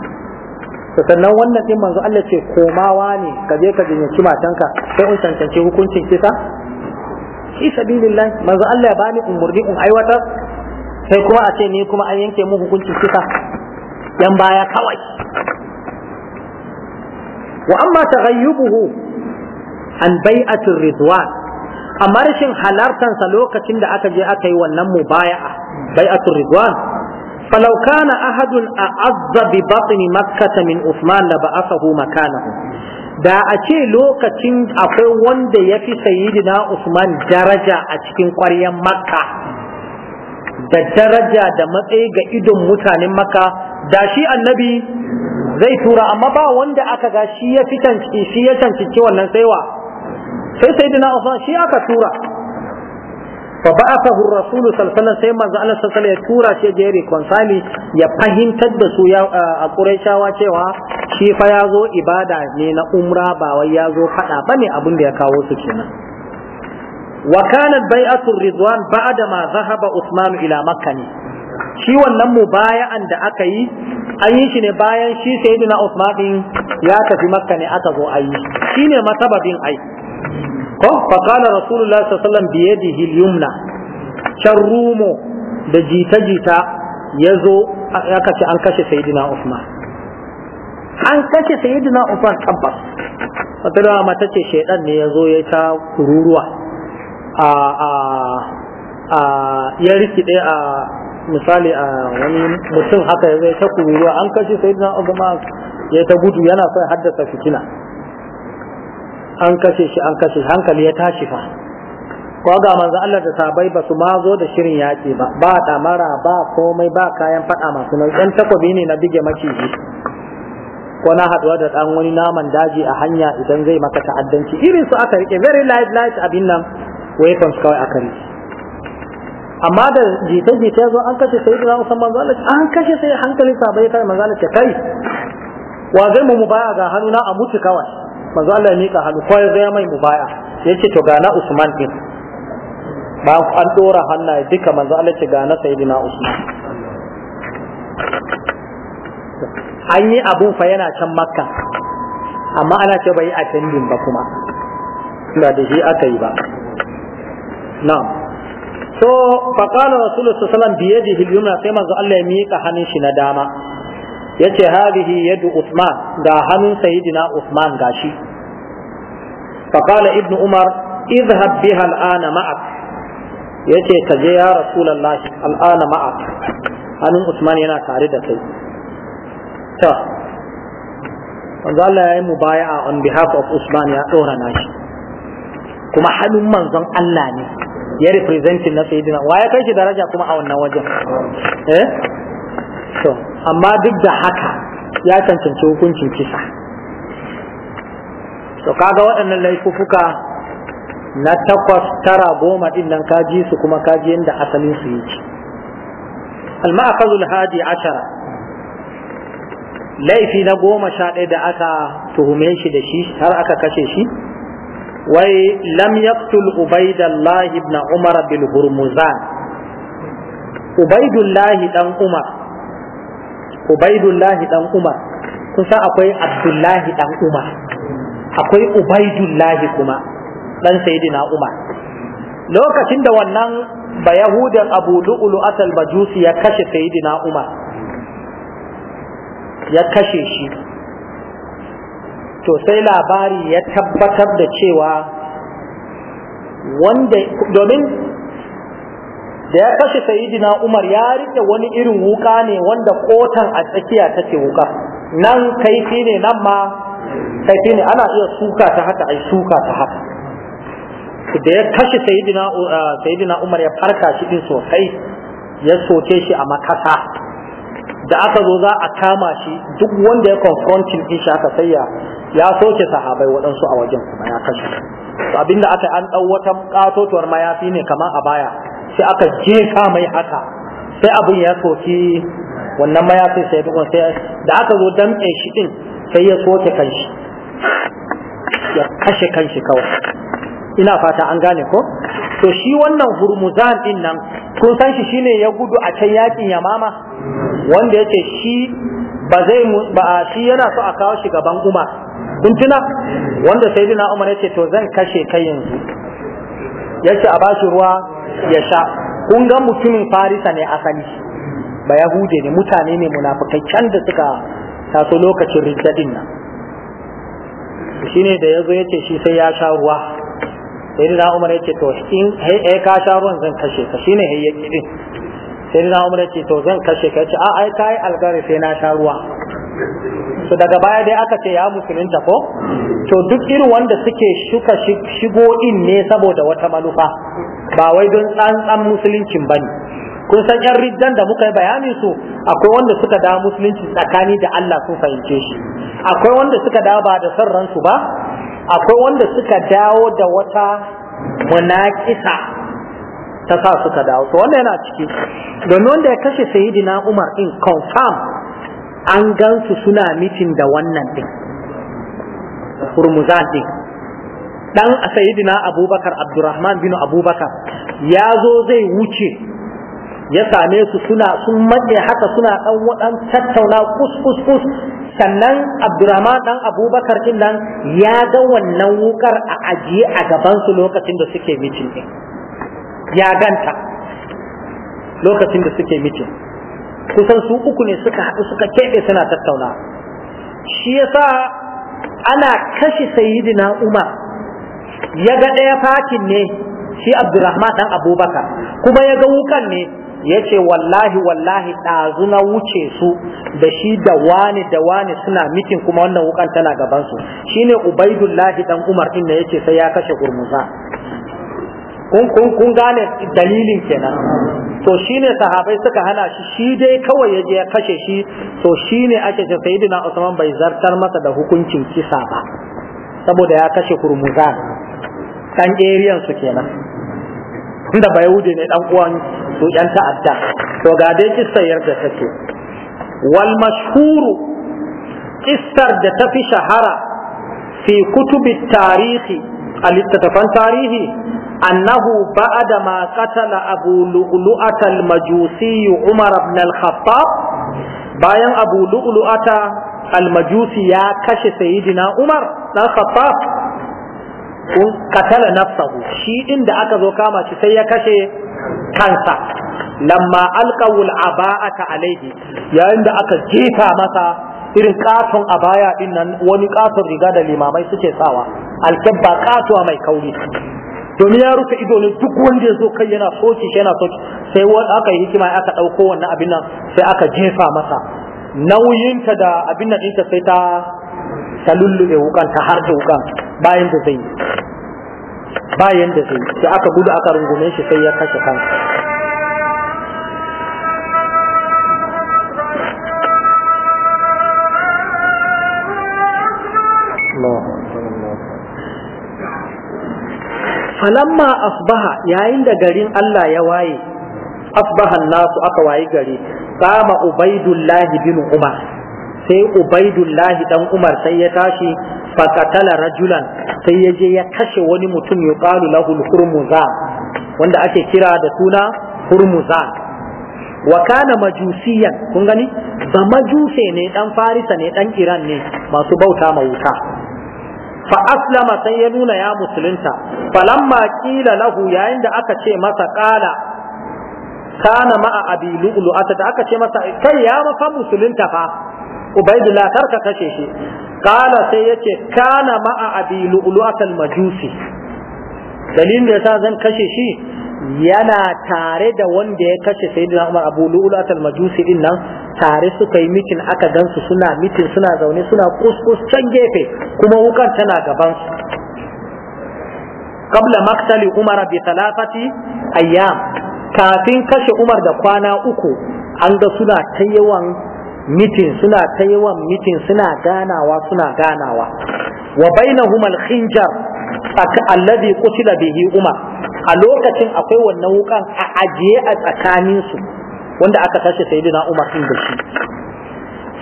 sannan wannan din manzo Allah ce komawa ne ka je ka jinyaci matanka sai in cancanci hukuncin kisa fi sabilillah manzo Allah ya bani umurni in aiwatar sai kuma a ce ni kuma an yanke mu hukuncin kisa yan baya kawai wa amma taghayyubuhu an bai'atir ridwan amma rashin halartansa lokacin da aka je aka yi wannan mubaya'a bai'atul ridwan falau kana ahadun a azza bi batni makkah min usman la ba'athahu makanahu da a ce lokacin akwai wanda ya fi sayyidina usman daraja a cikin ƙwaryen makka da daraja da matsayi ga idon mutanen makka da shi annabi zai tura amma ba wanda aka ga shi ya fi shi ya cancanci wannan saiwa sai saidina Usman shi aka tura fa ba'athahu ar-rasul sallallahu alaihi sai manzo ya tura shi je reconcile ya fahimtar da su a Qurayshawa cewa shi fa ya zo ibada ne na umra ba wai ya zo fada bane abin da ya kawo su kenan wa kanat bai'atu ridwan ba'da ma zahaba Usman ila makka ne shi wannan mubaya'an da aka yi an yi shi ne bayan shi sayyidina Usman ya tafi Makka ne aka zo ayi shine masababin ai ko faƙala rasulullah sallallahu biyadihi yumna can rumo da jita-jita ya zo aka ce an kashe sayyidina usman an kashe sayyidina usman tabbas wata mata ce shaidan ne ya zo ya ta kururuwa a a ya rikide a misali a wani mutum haka ya ya ta kururuwa an kashe sayyidina usman ya ta gudu yana son haddasa fitina an kashe shi an kashe hankali ya tashi fa ko ga manzo Allah da sabai ba su ma zo da shirin yaƙi ba ba damara ba komai ba kayan fada masu nauyi ɗan takobi ne na bige maciji ko na haduwa da ɗan wani naman daji a hanya idan zai maka ta'addanci irin su aka rike very light light abin nan weapons kawai aka rike amma da jita-jita zo an kashe sai da musamman manzo Allah an kashe sai hankali sabai kai manzo Allah kai wa zai mu mubaya ga hannuna a mutu kawai manzo Allah ya mika hannu ko ya zai mai mubaya yace to gana Usman din ba an dora hannaye duka manzo Allah ce gana sayyidina Usman an yi abun fa yana can makka amma ana ce bai a tandin ba kuma ba da shi aka yi ba na'am so faqala rasulullahi sallallahu alaihi wasallam biyadihi al-yumna sai manzo Allah ya mika hannun shi na dama yace hadhihi yadu Usman ga hannun sayidina Usman gashi fa qala ibnu Umar idhhab biha al'ana ma'ak yace ka je ya rasulullahi al'ana ma'ak hannun Usman yana tare da kai to manzo Allah ya yi mu mubaya'a on behalf of Usman ya dora shi. kuma hannun manzon Allah ne ya representing na sayyidina wa ya kai shi daraja kuma a wannan wajen eh amma duk da haka ya cancanci hukuncin kisa to kaga waɗannan laifuka na takwas tara goma ɗin nan ji su kuma kaji yadda asalin su yake al-ma'akazul hadi ashara laifi na goma sha ɗaya da aka tuhume shi da shi har aka kashe shi wai lam yaqtul ubaidallahi ibn umar bil hurmuzan ubaidullahi dan umar ubaidullahi dan umar kun akwai abdullahi dan umar akwai ubaidullahi kuma dan sayyidina umar lokacin da wannan bayahudan abu lu'ulu asal bajusi ya kashe sayyidina umar ya kashe shi to sai labari ya tabbatar da cewa wanda domin da ya kashe sayidina umar ya rike wani irin wuka ne wanda kotan a tsakiya take wuka nan kaifi ne nan ma kaifi ne ana iya suka ta haka ai suka ta haka da ya kashe sayidina uh, sayidina umar ya farka shi din sosai ya soke shi a makasa da aka zo za a kama shi duk wanda ya confronting din shi aka sai ya soke sahabai waɗansu a wajen kuma ya kashe abinda aka an ɗau wata ƙatotuwar mayafi ne kamar a baya sai aka ka mai haka sai abin ya soki wannan mayafin sai bugun sai da aka zo damƙe shi din sai ya soke kanshi ya kashe kanshi kawai ina fata an gane ko to shi wannan hurmuzan din nan kun san shi shine ya gudu a can yakin yamama wanda yake shi ba zai ba shi yana so a kawo shi gaban umar kun tuna wanda sayyidina umar yace to zan kashe kai yanzu yace a bashi ruwa ya sha kun ga mutumin farisa ne asali ba yahude ne mutane ne munafikai can da suka taso lokacin rijadin nan shine da yazo yace shi sai ya sha ruwa sai da Umar yace to in ka sha ruwan zan kashe ka shine hey din sai na umar ce to zan kashe ka ce a ai kai algari sai na sha ruwa to daga baya dai aka ce ya musulunta ko to duk irin wanda suke shuka shigo in ne saboda wata manufa ba wai don tsantsan musuluncin bane kun san yan riddan da muka yi bayanin su akwai wanda suka da musulunci tsakani da Allah sun fahimce shi akwai wanda suka da ba da son ransu ba akwai wanda suka dawo da wata munakisa ta sa suka dawo to wannan yana ciki domin wanda ya kashe sayidina umar in confirm an gansu suna mitin da wannan din hurmuzan din dan sayidina abubakar abdurrahman bin abubakar ya zo zai wuce ya same su suna sun matse haka suna dan wadan tattauna kus kus kus sannan abdurrahman dan abubakar din nan ya ga wannan wukar a ajiye a gaban su lokacin da suke mitin din ya ganta lokacin da suke mitin kusan su uku ne suka haɗu suka keɓe suna tattauna shi yasa ana kashe sayyidina umar ya ga ɗaya fatin ne shi abdurrahman ɗan abubakar kuma ya ga wukan ne ya ce wallahi wallahi ɗazu na wuce su da shi da wani da wani suna mitin kuma wannan wukan tana gabansu shine ubaidullahi ɗan umar ɗin da ya ce sai ya kashe gurmuza kun gane dalilin kenan to shine sahabai suka hana shi shi dai kawai ya je ya kashe shi to shine ake ce sayyidina Usman bai zartar masa da hukuncin kisa ba saboda ya kashe kurmuza kan area su kenan tunda bai wuce ne dan uwan su yan ta'adda to ga dai kissar da take wal mashhuru kissar da tafi shahara fi kutubi tarihi a littattafan tarihi annahu ba'adama ma qatala abu lu'lu'ata al-majusi umar ibn al bayan abu lu'lu'ata al-majusi ya kashe sayyidina umar dan khattab kun katala nafsahu shi inda aka zo kama shi sai ya kashe kansa lamma alqawul aba'ata alaihi yayin da aka jefa masa irin ƙaton a baya din wani ƙaton riga da limamai suke tsawa, alkabba katuwa mai kauri domin ya rufe ido ne duk wanda ya zo kai yana soki shi yana soki sai aka yi hikima aka ɗauko wannan abin nan sai aka jefa masa nauyinta da abin nan ɗinta sai ta ta lullube wukan ta har da wukan bayan da zai bayan da zai sai aka gudu aka rungume shi sai ya kashe kansa Allah falamma asbaha yayin da garin Allah ya waye asbaha nasu aka wayi gari kama ubaidullahi bin umar sai ubaidullahi dan umar sai ya tashi fakatala rajulan sai ya je ya kashe wani mutum ya qalu lahu hurmuza, wanda ake kira da suna hurmuza. wa kana majusiyan kun gani ba majuse ne dan farisa ne dan iran ne masu bauta ma wuta fa aslama sai ya nuna ya musulunta falamma ƙila lahu yayin da aka ce masa qala kana ma'a abi lu'lu'ata da aka ce masa kai ya mafa musulunta fa ubaidullah karka kashe shi kala sai yace kana ma'a abi lu'lu'ata al-majusi dalilin da yasa zan kashe shi yana tare da wanda ya kashe sayyidina Umar Abu Lu'lu'at al-Majusi din nan tare suka yi mitin aka gansu suna mitin suna zaune suna kuskus can gefe kuma wukar tana gaban su qabla maqtali Umar bi thalathati ayyam kafin kashe Umar da kwana uku an ga suna ta yawan mitin suna ta yawan mitin suna ganawa suna ganawa wa bainahuma al-khinjar alladhi qutila bihi Umar a lokacin akwai wannan wukan a ajiye a tsakaninsu wanda aka tashi sai na umar din da shi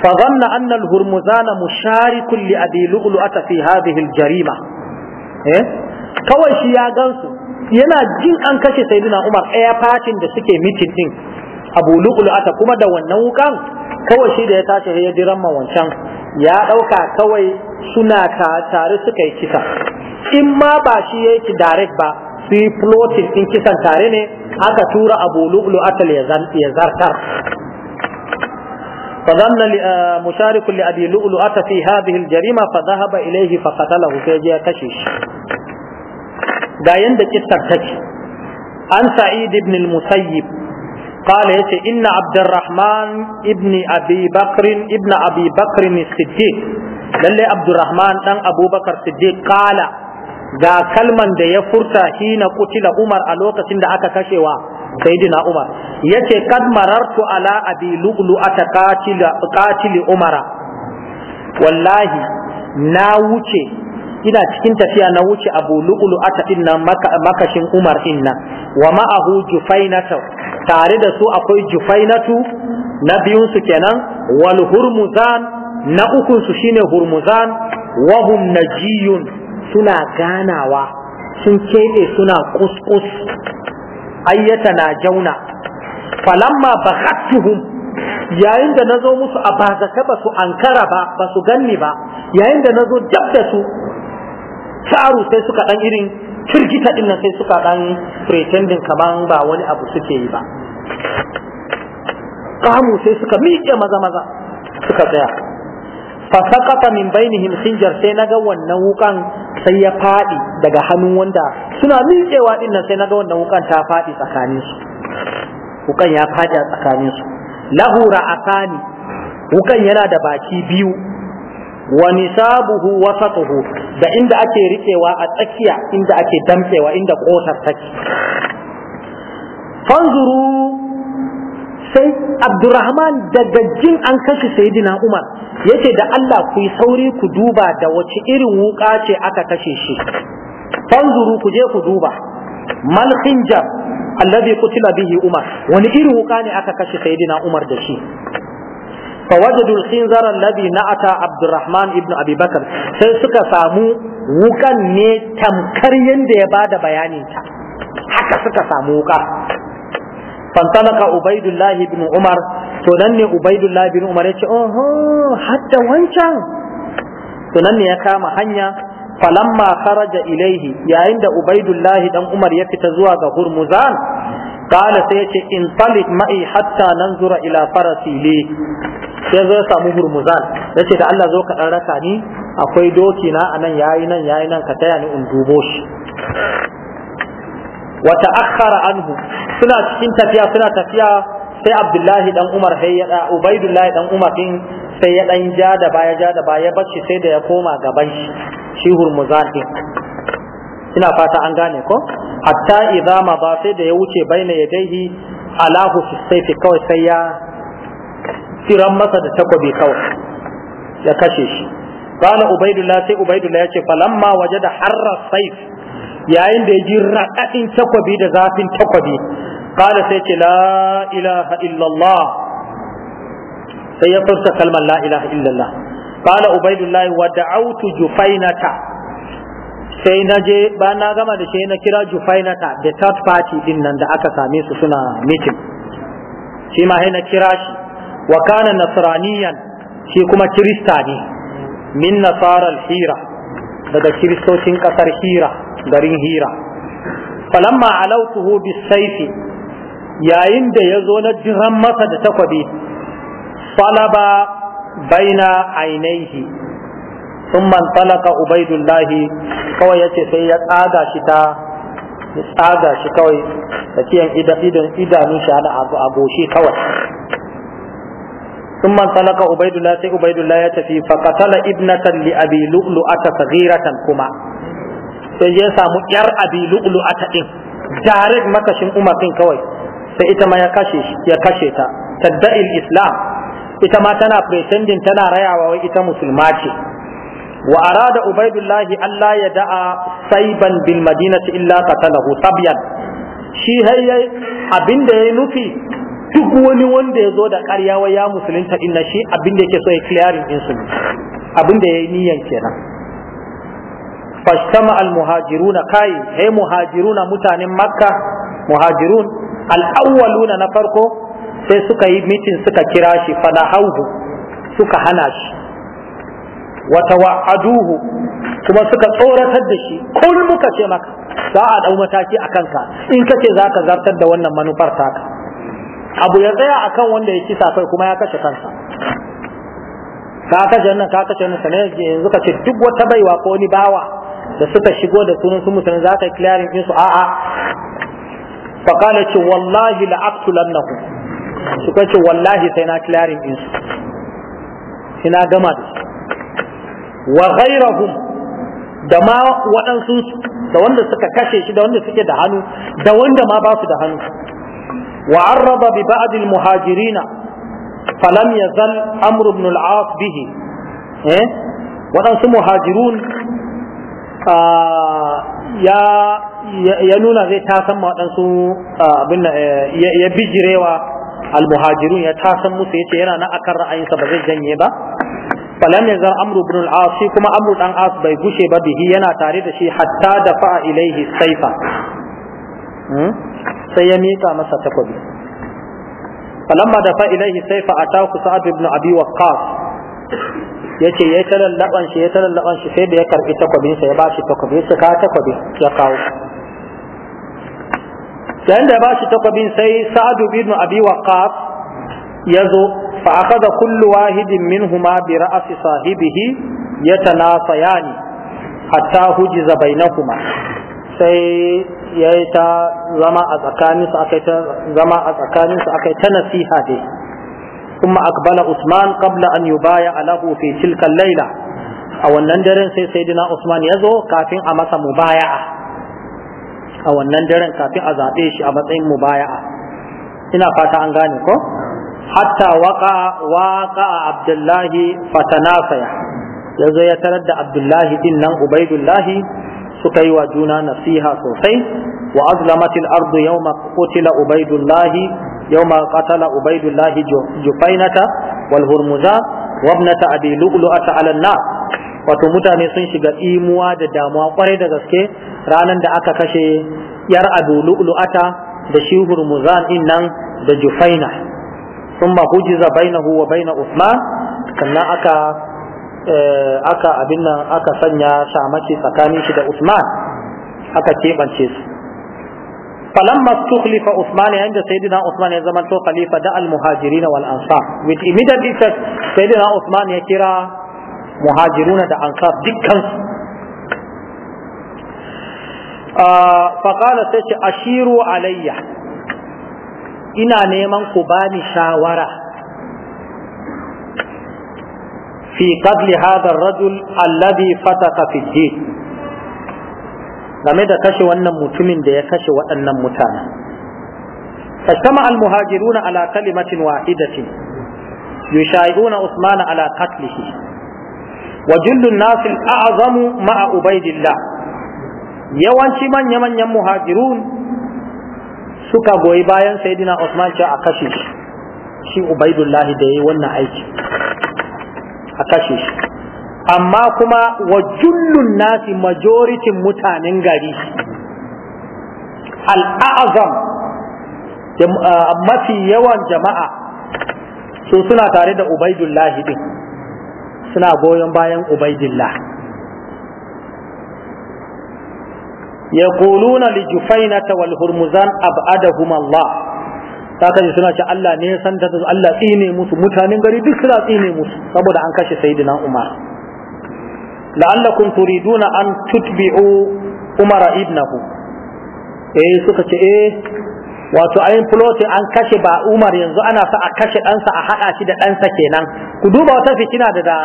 fa zanna anna al-hurmuzan musharikun li abi lu'lu'ata fi hadhihi al-jarima eh kawai shi ya gansu yana jin an kashe sayyidina umar ɗaya fatin da suke mitin din abu lu'lu'ata kuma da wannan wukan kawai shi da ya tashi ya jira man wancan ya ɗauka kawai suna tare suka yi kisa in ma ba shi ya yi direct ba في بلوت plotin in kisan tare ne aka tura abu lu'lu فظن مشارك لأبي لؤلؤة في هذه الجريمة فذهب إليه فقتله في جهة كشيش داين دا كتر عن سعيد بن المسيب قال يتي إن عبد الرحمن ابن أبي بكر ابن أبي بكر الصديق للي عبد الرحمن أبو بكر الصديق قال ga kalman da ya furta shi na kutila Umar a lokacin da aka kashewa sayyidina Umar yace kad marartu ala abi lu'lu ataqatila qatili Umara wallahi na wuce ina cikin tafiya na wuce abu lu'lu ataqin nan makashin Umar inna wa ma'ahu jufainatu tare da su akwai jufainatu na biyun su kenan wal hurmuzan na ukun su shine hurmuzan wahum najiyun suna ganawa sun keɓe suna kuskus ayyata na jauna falamma hatuhun yayin da nazo musu a bazaka ba su ankara ba ba su ganni ba yayin da nazo jab da su tsaru sai suka dan irin firgita din nan sai suka dan pretending kaman ba wani abu suke yi ba kamu sai suka miƙe maza maza suka tsaya fa saqata min bainihim sinjar sai naga wannan wukan sai ya faɗi daga hannun wanda suna miƙewa ɗin nan sai na ga wannan wukan ta faɗi tsakanin su wukan ya faɗi a tsakanin su lahu ra'asani wukan yana da baki biyu wa nisabuhu wasatuhu da inda ake riƙewa a tsakiya inda ake damƙewa inda ƙosar take fanzuru sai abdurrahman daga jin an kashe saidina umar yace da Allah ku yi sauri ku duba da wace irin wuka ce aka kashe shi fanzuru ku je ku duba mal khinjar alladhi qutila bihi umar wani irin wuka ne aka kashe saidina umar da shi fawajadu al-khinzar alladhi na'ata abdurrahman ibn abi bakr sai suka samu wukan ne tamkar yanda ya bada bayanin ta haka suka samu wuka fantalaka ubaidullah ibn umar to nan ne ubaidullah ibn umar ya ce oho wancan to nan ne ya kama hanya falamma kharaja ilaihi yayin da ubaidullah dan umar ya fita zuwa ga hurmuzan kala sai ya ce in talik ma'i hatta nanzura ila farasi li sai zo samu hurmuzan ya da Allah zo ka dan raka ni akwai dokina na anan yayi nan yayi nan ka taya ni in dubo shi Wata ta'akhkhara anhu suna cikin tafiya suna tafiya sai Abdullahi dan Umar sai ya Ubaidullahi dan Umar din sai ya dan ja da baya ja da baya bacci sai da ya koma gaban shi shi ina fata an gane ko hatta idza ma ba sai da ya wuce baina yadaihi alahu fi sayfi kawai sai ya tiran masa da takobi kawai ya kashe shi قال عبيد sai سي ya ce يقول waje da حر yayin da ya ji raɗaɗin takwabi da zafin takwabi kala sai ce la ilaha illallah sai ya furta kalmar la ilaha illallah kala ubaidullah wa da'autu jufainata sai na je ba na gama da shi na kira jufainata da third party din nan da aka same su suna meeting shi ma na kira shi wa kana nasraniyan shi kuma kirista ne min nasarar hira daga kiristocin kasar hira garin hira falamma alautuhu bisaifi yayin da ya zo na jiran masa da takwabi falaba baina ainihi sun talaka ubaidullahi kawai yace sai ya tsaga shi ta ya tsaga shi kawai tafiyan idan idanun shi hana aboshi kawai ثم انطلق عبيد الله سي عبيد الله يتفي فقتل ابنة لأبي لؤلؤة صغيرة كما sai ya samu yar abi lu'lu a taɗin direct makashin umar din kawai sai ita ma ya kashe ya kashe ta tadda'il islam ita ma tana pretending tana rayawa wai ita musulma ce wa arada ubaidullah Allah ya da'a saiban bil madinati illa qatalahu tabyan shi yai abinda ya nufi duk wani wanda ya zo da karya wai ya musulunta inna shi abinda yake so ya clearing din su abinda ya yi niyan kenan fashtama almuhajiruna kai he muhajiruna mutanen makka muhajirun al'awwaluna na farko sai suka yi mitin suka kira shi fada hauhu suka hana shi wata wa'aduhu kuma suka tsoratar da shi kun muka ce maka za a dau mataki a kanka in kace za ka zartar da wannan manufar taka abu ya tsaya a kan wanda ya kisa kai kuma ya kashe kansa ka kashe nan ka kashe nan sanar yanzu ka ce duk wata baiwa ko ni bawa da suka shigo da sunan su musulmi za ka yi clearing din su a'a fa qala ce wallahi la aqtulannahu suka ce wallahi sai na clearing din su sai gama da su wa ghayrahum da ma waɗansu da wanda suka kashe shi da wanda suke da hannu da wanda ma ba su da hannu wa arraba bi ba'd al muhajirina falam yazal amr ibn al as bihi eh? waɗansu muhajirun ya nuna zai tasan waɗansu abin ya bijirewa almuhajirun ya tasan musu yace yana na akan ra'ayinsa ba zai janye ba falam yazar amru ibn al-as kuma amru dan as bai gushe ba bihi yana tare da shi hatta da fa'a ilaihi saifa hmm? sai ya mika masa takobi falamma da fa ilaihi saifa ataku sa'ad ibn abi waqqas yace ya talallaban shi ya talallaban shi sai da ya karbi takwabin sa ya ba shi takwabi ya ka takwabi ya kawo Sai da ya ba shi takwabin sai Sa'ad ibn Abi Waqqas ya zo fa akhadha kullu wahidin minhuma bi ra'si sahibihi yatanasayani hatta hujiza bainahuma sai ya ta zama a tsakaninsu aka ta zama a tsakaninsu aka ta nasiha dai ثم أقبل عثمان قبل أن يبايع له في تلك الليلة أو النندرن سي سيدنا عثمان يزو كافين أمس مبايعة أو النندرن كافين أزاديش أمس مبايعة هنا فاتا أنغانيكو حتى وقع وقع عبد الله فتنافع يزو يتردى عبد الله إنن عبيد الله سكي وجونا نفسيها سوسي وأظلمت الأرض يوم قتل عبيد الله يوم قتل عبيد الله جفينة والهرمزة وابنة أبي لؤلؤة على النار wato mutane sun shiga imuwa da damuwa kwarai da gaske ranar da aka kashe yar abu lu'lu'ata da shi hurmuzan din nan da jufaina sun ma hujiza bainahu wa baina usman sannan aka aka sanya shamaki tsakanin shi da usman aka keɓance su Falan falamma tukhlifa Usman yanda sayyidina Usman ya zama to khalifa da al-muhajirin wal ansar with immediately said sayyidina Usman ya kira muhajiruna da ansar dukkan fa qala sai ce ashiru alayya ina neman ku bani shawara fi qadli hadha ar-rajul alladhi fataka fi din game da kashe wannan mutumin da ya kashe waɗannan mutanen fastama almuhajiruna ala kalimatin wahidatin yushayi'una usmana ala qatlihi wa jullun nas al'azam ma'a ubaidillah yawanci manya manyan muhajirun suka goyi bayan sayyidina usman cewa a kashe shi ubaidullah da yayi wannan aiki a kashe shi amma kuma wa jullun nasi majoritin mutanen gari al'azam mafi yawan jama'a su suna tare da ubaidullahi din suna goyon bayan ubaidillah ya kuluna li jufainata wal hurmuzan ab'adahum Allah ta kaji suna ce Allah ne san ta Allah tsine musu mutanen gari duk suna tsine musu saboda an kashe sayyidina Umar la'allakum turiduna an tutbi'u umara ibnahu eh suka ce eh wato ayin floti an kashe ba umar yanzu ana sa a kashe ɗansa a haɗa shi da ɗansa kenan ku duba wata fitina da da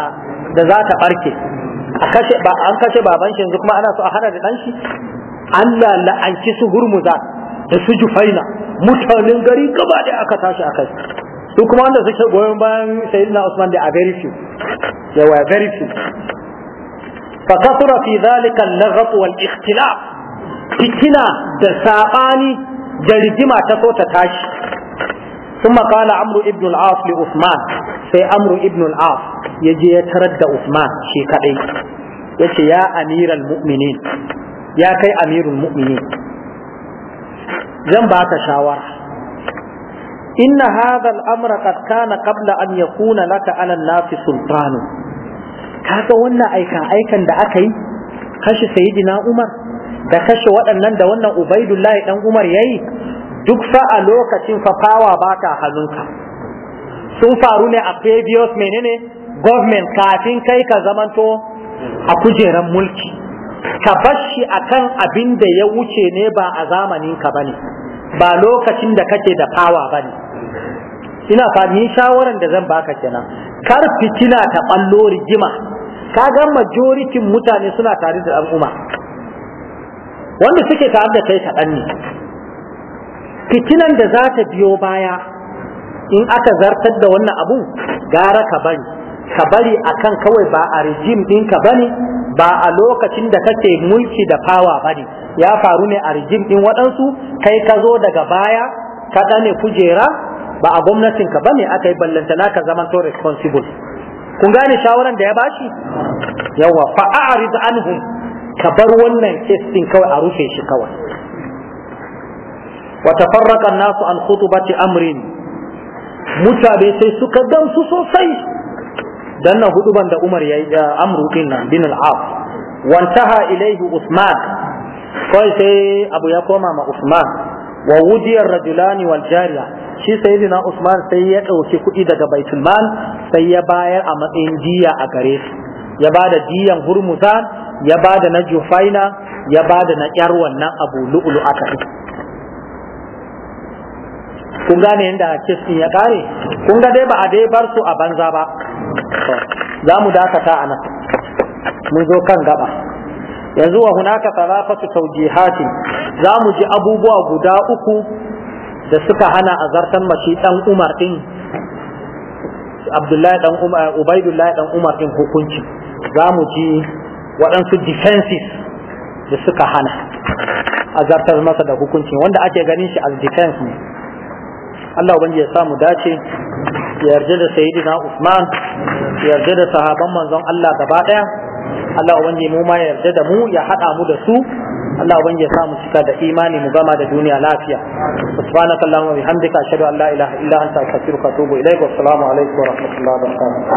za ta barke. a kashe ba an kashe baban shi yanzu kuma ana so a haɗa da ɗan shi Allah la'anci su gurmuza da su jufaina mutanen gari gaba da aka tashi a kai su kuma wanda suke goyon bayan sayyidina Usman da a very few they were very few fa kasura fi zalika al-laghat wal ikhtilaf fitina da sabani da rigima ta so ta tashi ثم قال عمرو ابن العاص لعثمان سي عمرو ابن العاص يجي يترد عثمان شي كدي يجي يا أمير المؤمنين يا كي أمير المؤمنين زن بات شاور إن هذا الأمر قد كان قبل أن يكون لك على الناس سلطان kaga wannan aikan aikan da aka yi kashe sayyidina Umar da kashe waɗannan da wannan Ubaidullahi dan Umar yayi duk fa a lokacin fa fawa baka hannunka sun faru ne a previous menene government kafin kai ka zamanto a kujeran mulki ka bashi akan abin da ya wuce ne ba a zamanin ka bane ba lokacin da kake da fawa bane ina fa ni shawaran da zan baka kenan kar fitina ta ballo rigima kaga majoritin mutane suna tare da al'umma wanda suke tare da kai kaɗan ne fitinan da za ta biyo baya in aka zartar da wannan abu gara ka bari ka bari akan kawai ba a rijim ɗinka bani, ba a lokacin da kake mulki da fawa bane ya faru ne a rijim ɗin waɗansu kai ka zo daga baya ka ɗane kujera ba a gwamnatinka bane aka yi ballantana ka zama to responsible kun gane shawaran da ya bashi yawa fa a'rid anhum ka bar wannan case din kawai a rufe shi kawai wa tafarraqa an-nasu an khutubati amrin mutabe sai suka gamsu sosai dan na huduban da Umar yayi amru din nan bin al-af wantaha ilayhi Usman kai sai abu ya koma ma Usman wa wudiyar rajulani wal jariya shi sayyidina Usman sai ya ɗauki kuɗi daga baitul mal sai ya bayar a matsayin jiya a gare su ya bada jiyan hurmuza ya bada na jufaina ya bada na ƴar wannan abu lu'ulu aka kun gane yadda kisin ya kare kun ga dai ba a dai bar su a banza ba za mu dakata a nan mun zo kan gaba yanzu wa hunaka talafatu tawjihati za mu ji abubuwa guda uku da suka hana azartan mashi dan Umar din Abdullahi dan Umar Ubaidullahi dan Umar din hukunci za mu ji waɗansu defenses da suka hana azartar masa da hukunci wanda ake ganin shi as defense ne Allah ubangiji ya samu dace yarda da sayyidina Usman yarda da sahaban manzon Allah gaba daya Allah ubangiji mu ma yarda da mu ya hada mu da su Allah ubangiji ya sa mu cika da imani mu gama da duniya lafiya subhanakallahumma wa bihamdika ashhadu an la ilaha illa anta astaghfiruka wa atubu ilaik wa assalamu alaikum wa rahmatullahi wa barakatuh